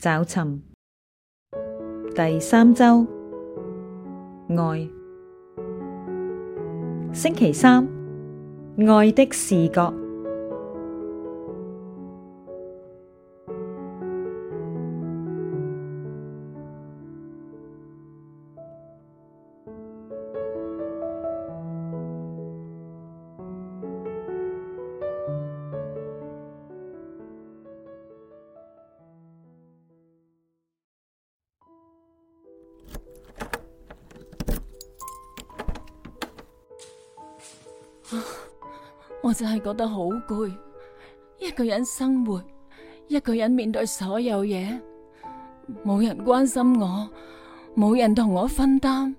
找尋第三週愛，星期三愛的視覺。我真係覺得好攰，一個人生活，一個人面對所有嘢，冇人關心我，冇人同我分擔，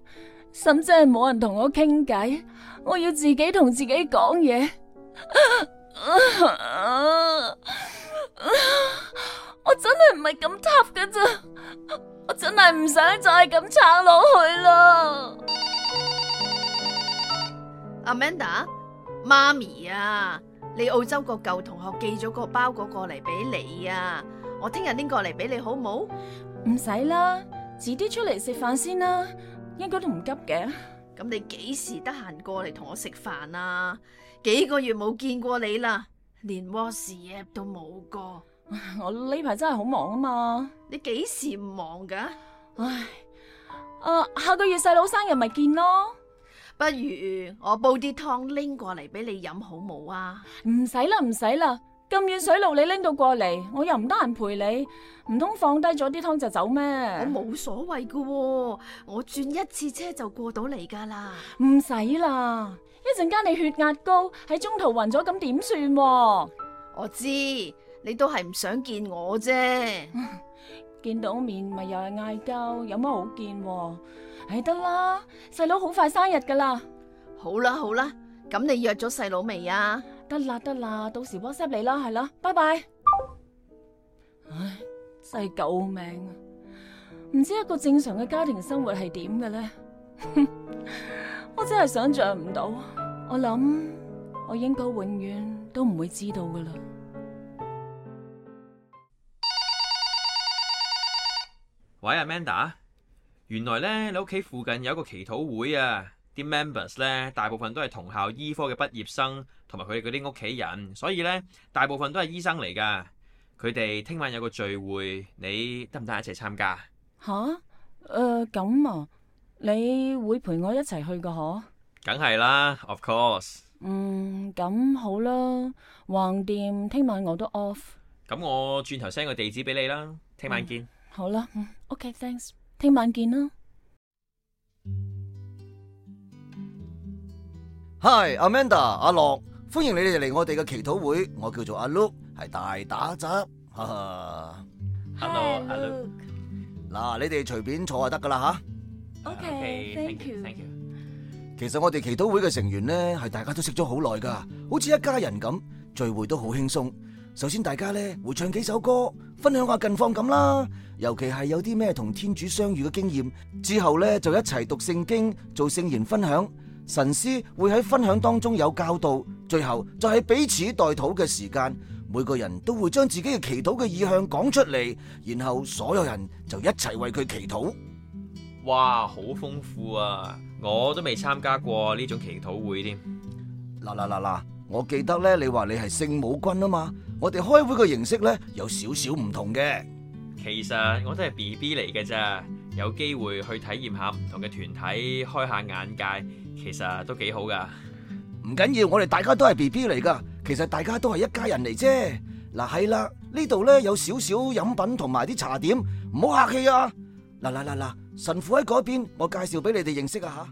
甚至係冇人同我傾偈，我要自己同自己講嘢。我真係唔係咁 tough 㗎咋，我真係唔想再咁撐落去啦。Amanda。媽咪啊，你澳洲個舊同學寄咗個包裹過嚟俾你啊，我聽日拎過嚟俾你好冇？唔使啦，遲啲出嚟食飯先啦，應該都唔急嘅。咁你幾時得閒過嚟同我食飯啊？幾個月冇見過你啦，連 WhatsApp 都冇過。 我呢排真係好忙啊嘛。你幾時唔忙噶？唉，誒、啊，下個月細佬生日咪見咯。不如我煲啲湯拎過嚟俾你飲好冇啊！唔使啦，唔使啦，咁遠水路你拎到過嚟，我又唔得閒陪你，唔通放低咗啲湯就走咩？我冇所謂噶，我轉一次車就過到嚟噶啦。唔使啦，一陣間你血壓高喺中途暈咗，咁點算？我知，你都係唔想見我啫， 見到面咪又係嗌交，有乜好見喎？係得啦，細佬好快生日噶啦。好啦好啦，咁你約咗細佬未啊？得啦得啦，到時 WhatsApp 你啦，係啦，拜拜。唉，真係救命啊！唔知一個正常嘅家庭生活係點嘅呢？我真係想象唔到啊。我諗我應該永遠都唔會知道噶啦。喂，Amanda。原來咧，你屋企附近有一個祈禱會啊，啲 members 咧大部分都係同校醫科嘅畢業生，同埋佢哋嗰啲屋企人，所以咧大部分都係醫生嚟噶。佢哋聽晚有個聚會，你得唔得一齊參加？吓，誒，咁啊，你會陪我一齊去噶？嗬，梗係啦，of course。嗯，咁好啦，橫掂聽晚我都 off。咁我轉頭 send 個地址俾你啦，聽晚見。好啦，嗯，OK，thanks。聽晚見啦！Hi，Amanda，阿樂，Hi, Amanda, 阿樂，歡迎你哋嚟我哋嘅祈禱會。我叫做阿 Luke，係大打雜。哈哈。Hello，阿 Luke。嗱，你哋隨便坐就得噶啦吓。啊、OK，Thank you, thank you。其實我哋祈禱會嘅成員咧，係大家都識咗好耐噶，好似一家人咁，聚會都好輕鬆。首先，大家咧會唱幾首歌，分享下近況咁啦。尤其係有啲咩同天主相遇嘅經驗之後咧，就一齊讀聖經、做聖言分享、神師會喺分享當中有教導。最後就係彼此代禱嘅時間，每個人都會將自己嘅祈禱嘅意向講出嚟，然後所有人就一齊為佢祈禱。哇，好豐富啊！我都未參加過呢種祈禱會添。嗱嗱嗱嗱，我記得咧，你話你係聖母軍啊嘛？我哋開會嘅形式咧，有少少唔同嘅。其實我都係 B B 嚟嘅啫，有機會去體驗下唔同嘅團體，開下眼界，其實都幾好噶。唔緊要，我哋大家都係 B B 嚟噶，其實大家都係一家人嚟啫。嗱，係啦，呢度咧有少少飲品同埋啲茶點，唔好客氣啊！嗱嗱嗱嗱，神父喺嗰邊，我介紹俾你哋認識啊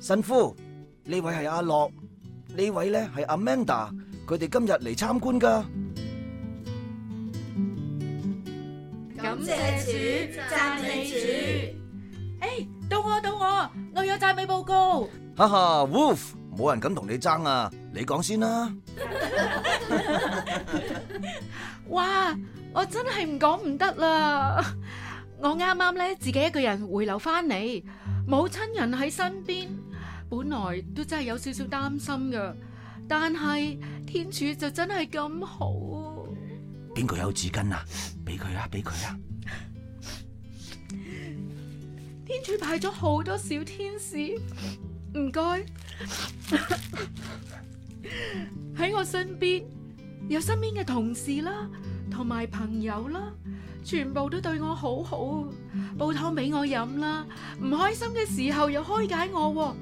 吓。神父，呢位係阿樂，呢位咧係 Amanda，佢哋今日嚟參觀噶。感謝主，讚美主。誒，到我，到我，我有讚美報告。哈哈，Ruth，冇人敢同你爭啊！你講先啦。哇，我真係唔講唔得啦！我啱啱呢自己一個人回流返嚟，冇親人喺身邊，本來都真係有少少擔心㗎，但係天主就真係咁好。邊個有紙巾啊？俾佢啊！俾佢啊！天主派咗好多小天使，唔該喺我身邊有身邊嘅同事啦，同埋朋友啦，全部都對我好好，煲湯俾我飲啦，唔開心嘅時候又開解我喔，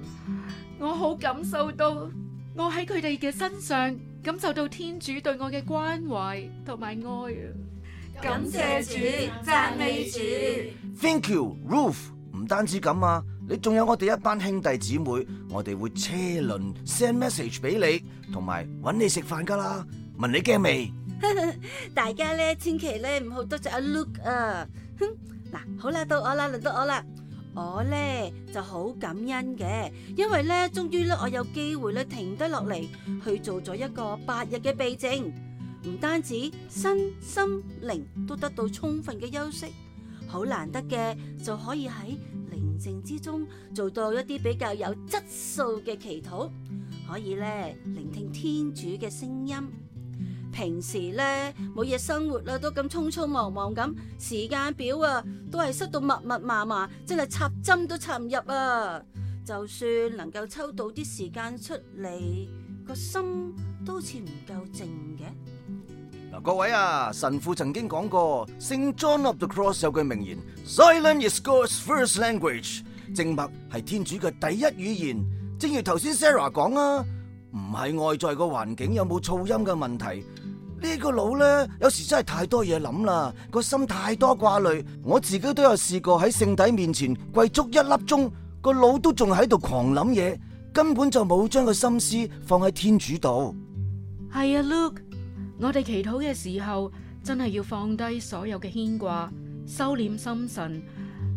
我好感受到我喺佢哋嘅身上。感受到天主對我嘅關懷同埋愛啊！感謝主，讚美主。Thank you, Ruth。唔單止咁啊，你仲有我哋一班兄弟姊妹，我哋會車輪 send message 俾你，同埋搵你食飯噶啦。問你驚未？大家咧，千祈咧唔好得罪阿 Luke 啊！嗱，好啦，到我啦，輪到我啦。我咧就好感恩嘅，因為咧終於咧我有機會咧停低落嚟去做咗一個八日嘅避靜，唔單止身心靈都得到充分嘅休息，好難得嘅就可以喺寧靜之中做到一啲比較有質素嘅祈禱，可以咧聆聽天主嘅聲音。平時咧，每日生活啦都咁匆匆忙忙咁，時間表啊都係塞到密密麻麻，真係插針都插唔入啊！就算能夠抽到啲時間出嚟，個心都好似唔夠靜嘅。嗱，各位啊，神父曾經講過，StJohn of the Cross 有句名言：Silence is God's first language。靜默係天主嘅第一語言。正如頭先 Sarah 講啊，唔係外在個環境有冇噪音嘅問題。個腦呢個腦咧，有時真係太多嘢諗啦，個心太多掛慮。我自己都有試過喺聖體面前跪足一粒鐘，個腦都仲喺度狂諗嘢，根本就冇將個心思放喺天主度。係啊，Luke，我哋祈禱嘅時候，真係要放低所有嘅牽掛，收斂心神，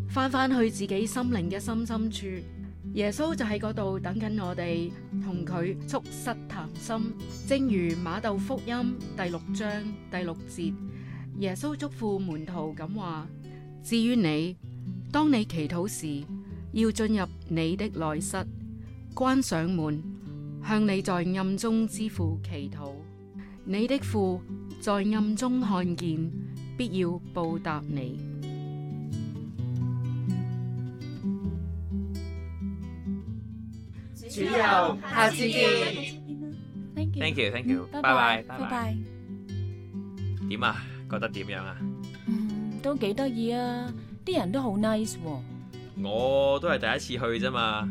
返返去自己心靈嘅心深處。耶穌就喺嗰度等緊我哋同佢促膝談心，正如馬竇福音第六章第六節，耶穌囑咐門徒咁話：至於你，當你祈禱時，要進入你的內室，關上門，向你在暗中之父祈禱。你的父在暗中看見，必要報答你。下次見。Thank you，Thank you，拜拜，拜拜。點啊？覺得點樣啊？嗯，都幾得意啊！啲人都好 nice 喎、啊。我都係第一次去啫嘛，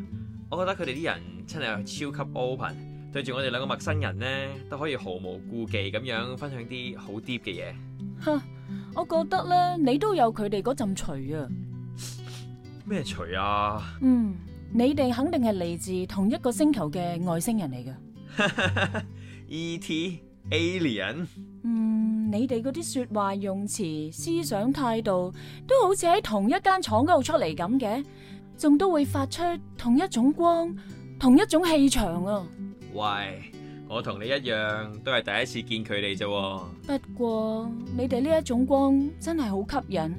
我覺得佢哋啲人真係超級 open，對住我哋兩個陌生人咧，都可以毫無顧忌咁樣分享啲好 deep 嘅嘢。哼，我覺得咧，你都有佢哋嗰陣除啊。咩除啊？嗯。你哋肯定係嚟自同一個星球嘅外星人嚟㗎，E.T. alien。嗯，你哋嗰啲說話用詞、思想態度，都好似喺同一間廠嗰度出嚟咁嘅，仲都會發出同一種光、同一種氣場啊！喂，我同你一樣，都係第一次見佢哋啫。不過你哋呢一種光真係好吸引，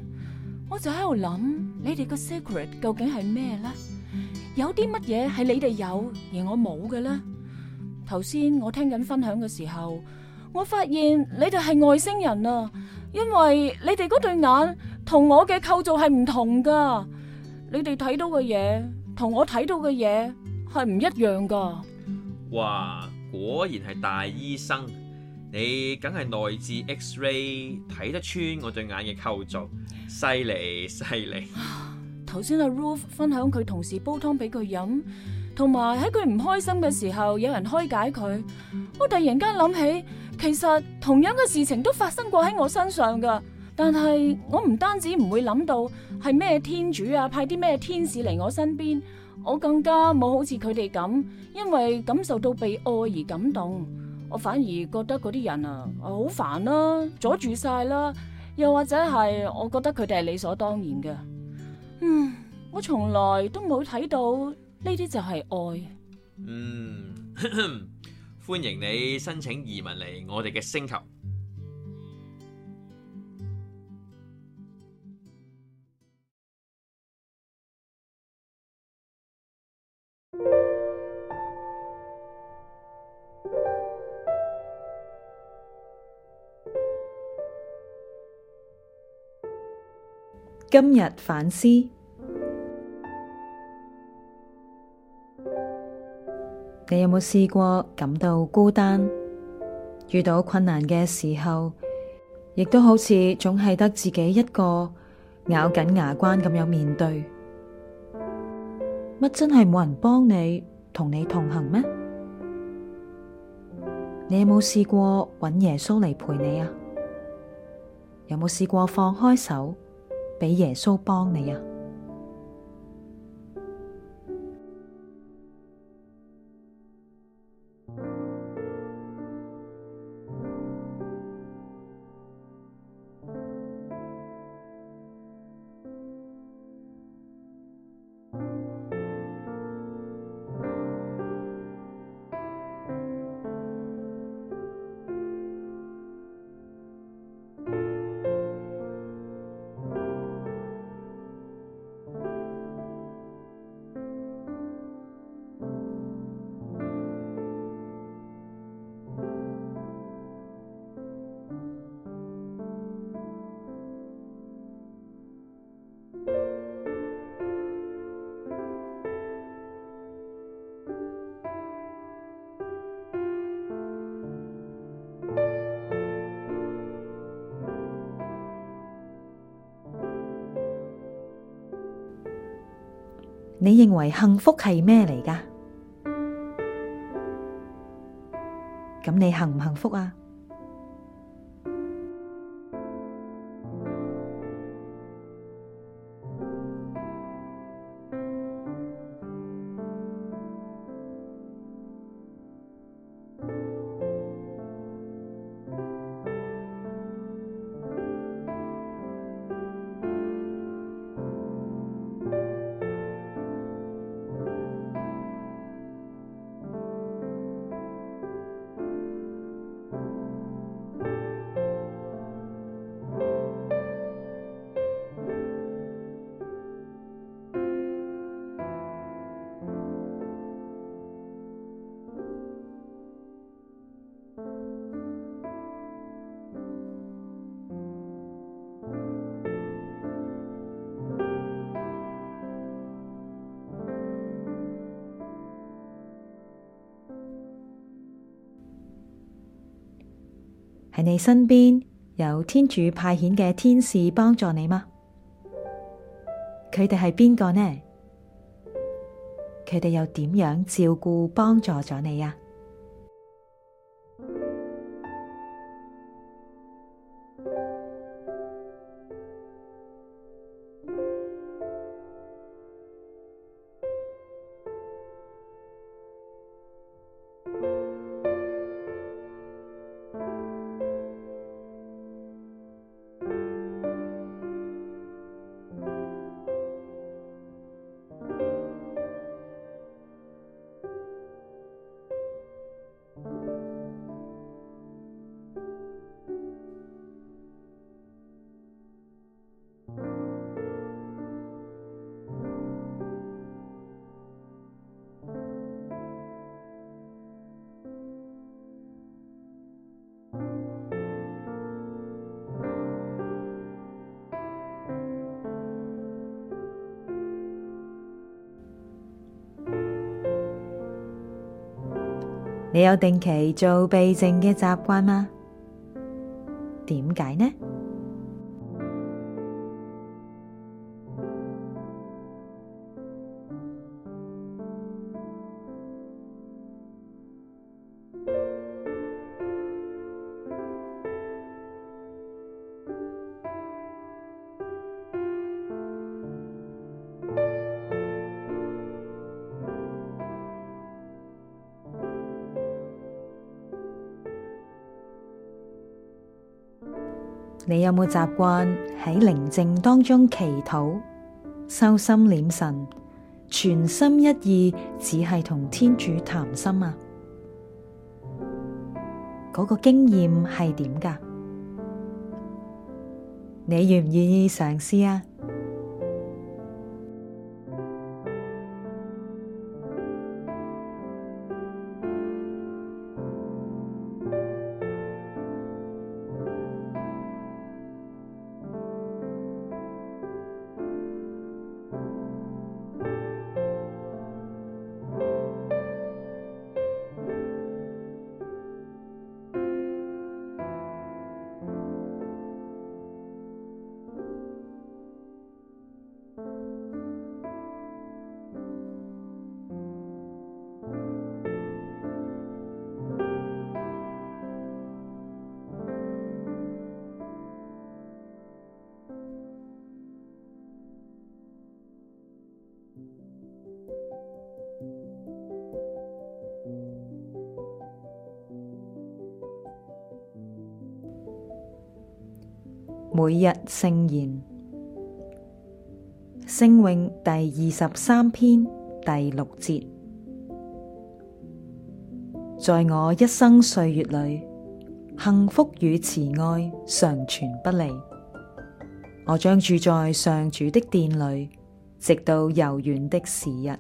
我就喺度諗，你哋個 secret 究竟係咩咧？有啲乜嘢係你哋有而我冇嘅呢？頭先我聽緊分享嘅時候，我發現你哋係外星人啊！因為你哋嗰對眼同我嘅構造係唔同噶，你哋睇到嘅嘢同我睇到嘅嘢係唔一樣噶。哇！果然係大醫生，你梗係內置 X-ray 睇得穿我對眼嘅構造，犀利犀利。首先阿 Ruth 分享佢同事煲湯俾佢飲，同埋喺佢唔開心嘅時候有人開解佢。我突然間諗起，其實同樣嘅事情都發生過喺我身上噶。但係我唔單止唔會諗到係咩天主啊派啲咩天使嚟我身邊，我更加冇好似佢哋咁，因為感受到被愛而感動。我反而覺得嗰啲人啊好煩啦、啊，阻住晒啦，又或者係我覺得佢哋係理所當然嘅。嗯，我從來都冇睇到呢啲就係愛。嗯，歡迎你申請移民嚟我哋嘅星球。今日反思，你有冇試過感到孤單？遇到困難嘅時候，亦都好似總係得自己一個，咬緊牙關咁樣面對。乜真係冇人幫你，同你同行咩？你有冇試過揾耶穌嚟陪你啊？有冇試過放開手？俾耶穌幫你啊！你認為幸福係咩嚟㗎？咁你幸唔幸福啊？你身邊有天主派遣嘅天使幫助你嗎？佢哋係邊個呢？佢哋又點樣照顧幫助咗你啊？你有定期做避靜嘅習慣嗎？點解呢？你有冇習慣喺寧靜當中祈禱、收心斂神、全心一意，只係同天主談心啊？嗰個經驗係點噶？你願唔願意嘗試啊？每日聖言，聖詠第二十三篇第六節，在我一生歲月裏，幸福與慈愛常存不離。我將住在上主的殿裏，直到遙遠的時日。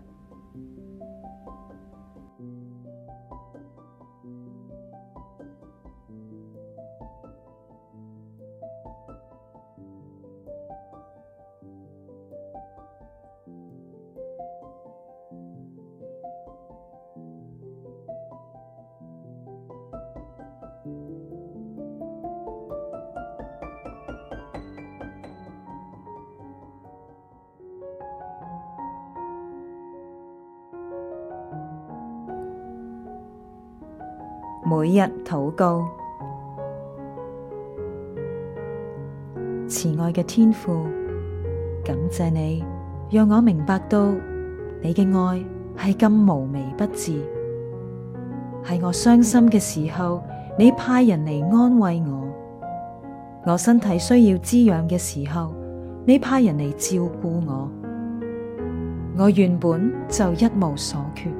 每日禱告，慈愛嘅天父，感謝你，讓我明白到你嘅愛係咁無微不至。係我傷心嘅時候，你派人嚟安慰我；我身體需要滋養嘅時候，你派人嚟照顧我。我原本就一無所缺。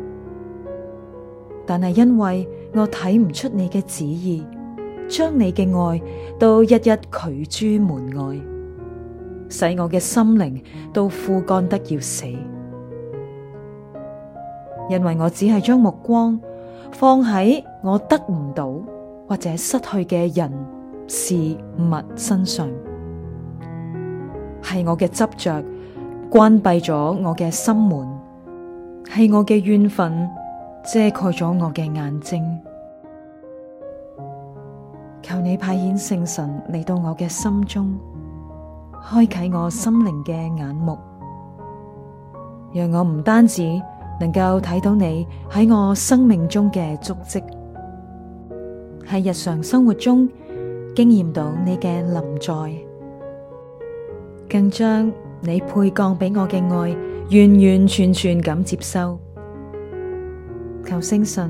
但係因為我睇唔出你嘅旨意，將你嘅愛都一一拒諸門外，使我嘅心靈都枯乾得要死。因為我只係將目光放喺我得唔到或者失去嘅人事物身上，係我嘅執着關閉咗我嘅心門，係我嘅怨憤。遮蓋咗我嘅眼睛，求你派遣聖神嚟到我嘅心中，開啟我心靈嘅眼目，讓我唔單止能夠睇到你喺我生命中嘅足跡，喺日常生活中經驗到你嘅臨在，更將你配降俾我嘅愛，完完全全咁接收。求聖神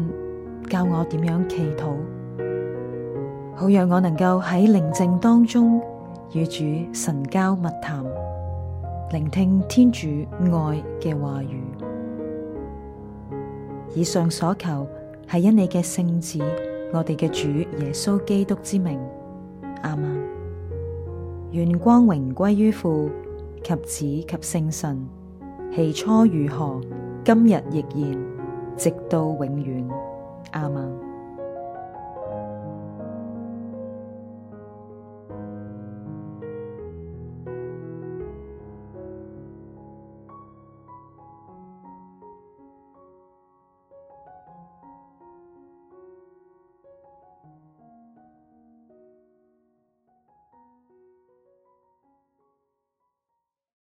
教我點樣祈禱，好讓我能夠喺寧靜當中與主神交密談，聆聽天主愛嘅話語。以上所求，係因你嘅聖子，我哋嘅主耶穌基督之名，阿門。願光榮歸於父及子及聖神，起初如何，今日亦然。直到永遠，阿們。